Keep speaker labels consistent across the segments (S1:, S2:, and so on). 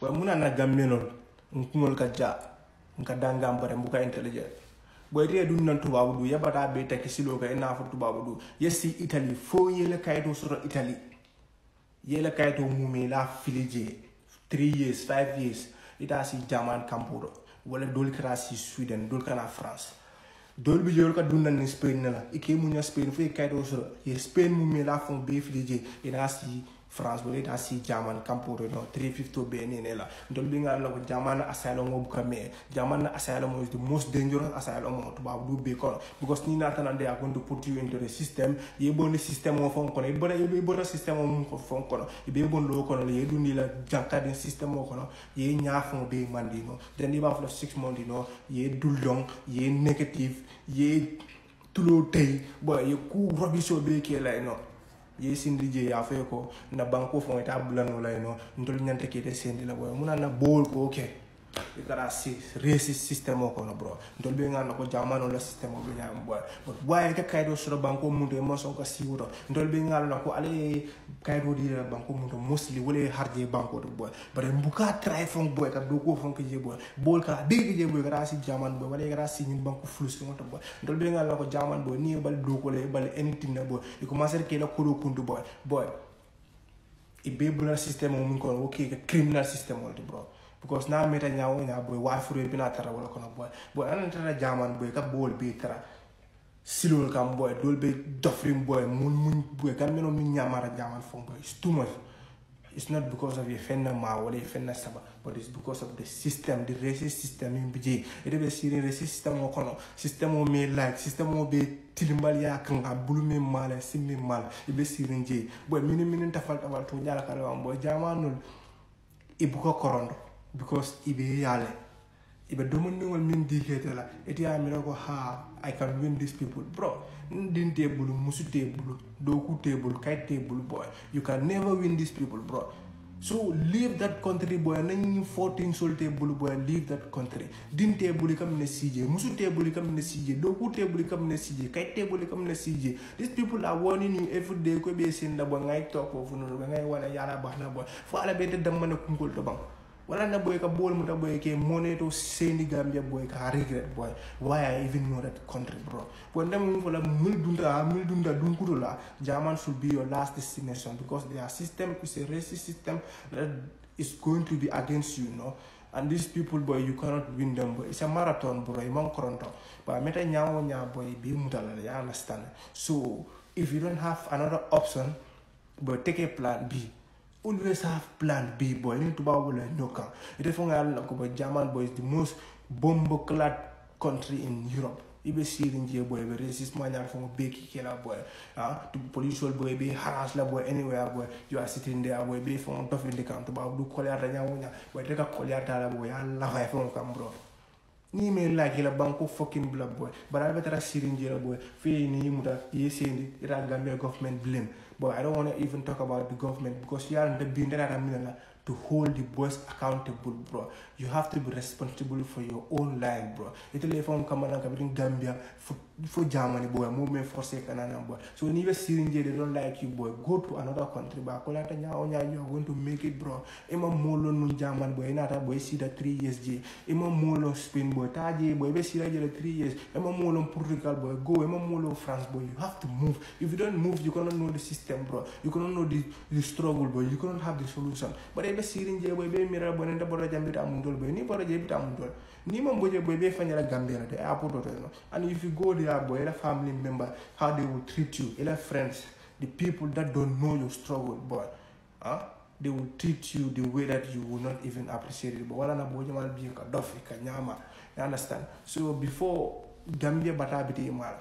S1: wa mun na gammenol nkuŋol ka ja nka dangan bare mbuka intelligent bo ite dun nan tubabu du ya yabata be taki silo ka ina fo tubabu du yesi italy fo yele kayto soto italy yele kayto mumi la filije 3 years 5 years ita si jaman kampudo wala dol kra si sweden dol kana france dol bi yol ka dun nan ni spain na la ike munya spain fo kayto soto ye spain mumi la fon be filije ina si france bo ɓeɗa si jamana kampoɗo no 350 ɓe nene la dolɓigalna ko jamana asylum o buka mais jamana asylum o is the most dangerous asylum o tubabu du ɓe kono because ni natanande a gonde put you into the system yeɓonde systéme o fon kono yeɓona systéme o mum fon kono ɓe bon lo kono ye ɗumdila jankadin systéme o kono ye ñafon ɓe mandino den iɓa fula six month no ye dullon ye négative ye tulo tey bo ye ku robisio ɓe ke lay no ye sindi je ya fe ko na banko fo ta bulano la eno ntol nyante kete sendi la boy muna na bol ko okay ikara si resi sistemo kono bro ndol be ngana ko jamano la sistemo be nyam boy but boy ke kaydo sura banko munde mo so ko siwro ndol be ngala ko ale kaydo di mu munde mosli wole harje banko do boy bare mbuka try fon boy ka do ko fon ke je boy bol ka de ke je boy ka si jaman boy wala ka si nyum banko si ko to boy ndol be ngala ko jaman boy ni bal do ko le bal anything na boy e commencer ke la ko do kundu boy boy i be bula système mun kono wo ke criminal système wol di bro because now me meta nyawo nya boy wa furo bi na tara wala kono boy boy an tara jaman boy ka bol bi tara silol kam boy dol be dofrim boy mun mun boy kan meno min nyamara jaman fon boy it's too much it's not because of your fenna ma wala your fenna saba but it's because of the system the racist system in bj ede be siri racist system o kono system o me like system o be tilimbal ya kan ga bulu me mala simmi mala e be siri nje boy mini mini tafal tafal to jala kala wam boy jamanul ibuko korondo because ibe yale ibe dominowol min di hetela eti amira ko ha i can win these people bro din table musu table doku table kite table boy you can never win these people bro so leave that country boy nañ 14 sol table boy leave that country din table kam ne sije musu table kam ne sije doku table kam ne sije kay table kam ne sije these people are warning you every day ko be sin da bo ngay tok fofu non ngay wala yala bahna boy fa ala be te dam man ko ngol to bang waɗanna boy ka bool muta boy ke moneto sendi gambia boy ka regret boy why i even know that country bro boy ndem mum fola mil dunda mil dunda dunkutola german should be your last destination because their system is a racist system that is going to be against you, you know and these people boy you cannot win them boy it's a marathon bro imam koronto but meta nyawo nya boy be mutala you understand so if you don't have another option boy take a plan b always have plan B, boy. need to buy a knocker. It is from German boy is the most bomb clad country in Europe. be sirin je boy be racist man yar fo be ki boy ah to pollution boy be harass la boy anywhere boy you are sitting there boy be fo to fi ndikam to ba du kolya da nyawo nya boy de ka kolya da la boy alla fa fo come, bro ni me like ki la banko fucking blood boy But I better sirin je la boy fi ni muta yesendi ira gambe government blame but I don't want to even talk about the government because yàlla biir nde naata minen la to hold the boys accountable, bro. You have to be responsible for your own life, bro. Italy from Kamana in Gambia for for Germany, boy, I'm movement for second and boy. So when you Syringe, they don't like you, boy. Go to another country, but you are going to make it, bro. i Emma Molo no German boy, another boy see that three years J. Emma Molo Spain boy, Taji boy, we see that three years. i Emma Molo Portugal boy, go. i Emma Molo France boy. You have to move. If you don't move, you cannot know the system, bro. You cannot know the, the struggle, boy. You cannot have the solution. But ɓe sirinje ɓoye ɓe mira bonende ɓoɗo jambita amundol ɓoye ni ɓoɗo jebita amundol ni man boje ɓoye ɓe fañala gambena to e apototo no and if you go there boy ela family member how they will treat you ela friends the people that don't know your struggle boy huh? Ah, they will treat you the way that you will not even appreciate it but wala na boje man biye ka dofi ka nyama you understand so before gambia bata bite mala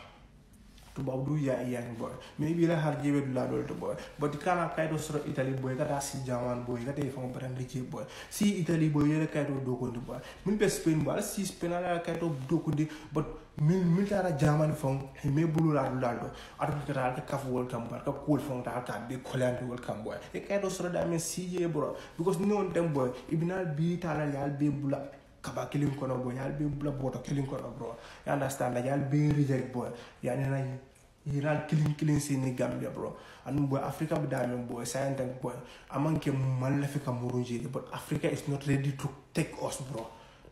S1: tubaab du ya yaay boy mais bii la xaar jébe du laa loolu boy ba di kaanaam kaytoo sera italie boy kataa si jaman boy nga tey fama batan li jéeb boy si italie boy yére kaytoo dookundi boy mil pe spain boy la si spain la la kaytoo dookundi ba mil mil taara jaman fong xe mais bulu laa du laa loolu atum ka taal ka kaf wol kam boy ka kuul fong taal ka bi kolaan wol kam boy et kaytoo sera daa mel si je bro. because no woon dem boy ibinal bi taalal yaal bee bu laa kaba killing kono boy yal be bla boto killing kono bro you understand like yal be reject boy yani na yiral killing killing si ni gambia bro and boy africa be diamond boy science and boy among ke malafika murunjiri but africa is not ready to take us bro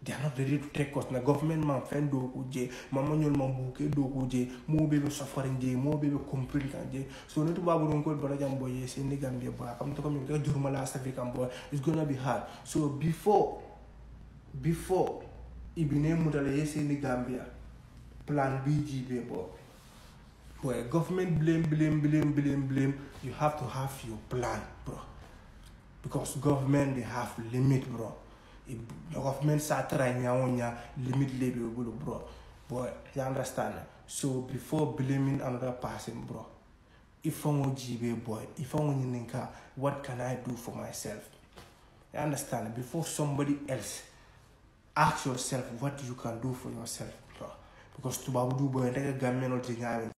S1: they are not ready to take us. The government man fen do kuje, mama nyol man buke do kuje, mo be be suffering je, mo be be complain kan je. So no to babu don ko bala jam boy yes in the Gambia boy. Come to come in the jurmala South African boy. It's gonna be hard. So before before ibine mutale ni gambia plan bgb bob where government blame blame blame blame blame you have to have your plan bro because government they have limit bro if government start trying your limit label bro boy you understand so before blaming another person bro if i'm a gb boy if i'm a what can i do for myself you understand before somebody else ask yourself what you can do for yourself because tubabu du boy ndeke gamen ol ti ñaawel